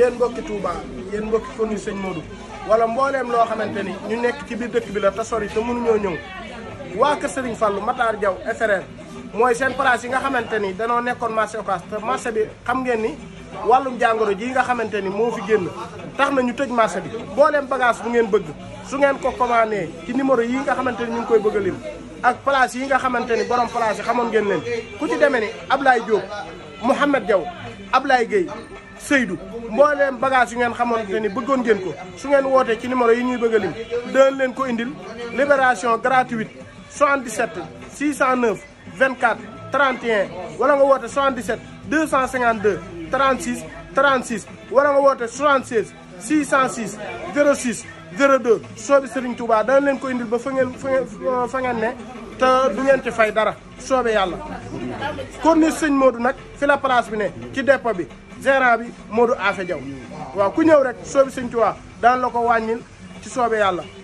yéen mbokki Touba yéen mbokki commune Sëñ Modou wala mbooleem loo xamante ni ñu nekk ci biir dëkk bi la te sori te mënuñoo ñëw waa kër Serigne Fallou Matar Diaw mooy seen place yi nga xamante ni danoo nekkoon marché Ocass te marché bi xam ngeen ni wàllum jàngoro ji nga xamante ni moo fi génn tax na ñu tëj marché bi mbooleem bagage bu ngeen bëgg su ngeen ko commandé ci numéro yi nga xamante ni ñu koy bëgg a lim ak place yi nga xamante ni borom place yi xamoon ngeen leen ku ci demee ni Ablaye Diop Mouhamed Diaw Ablaye Gueye Seydou mbooleem bagage yu ngeen xamante ni bëggoon ko su ngeen wootee ci numéro yi ñuy bëgg a lim daan leen ko indil libération gratuite 77 609 24 31 wala nga woote 77 252 36 36 wala nga woote 76 606 06 02 soobi Serigne Touba daan leen ko indil ba fa ngeen fa ngeen ne te du ngeen ci fay dara soobe yàlla. corniche sëñ moodu nag fi la place bi ne ci dépôt bi. gérant bi Modou Afé Diaw waaw ku ñëw rek soobi sëñ Tuubaa daan la ko wàññil ci soobe yàlla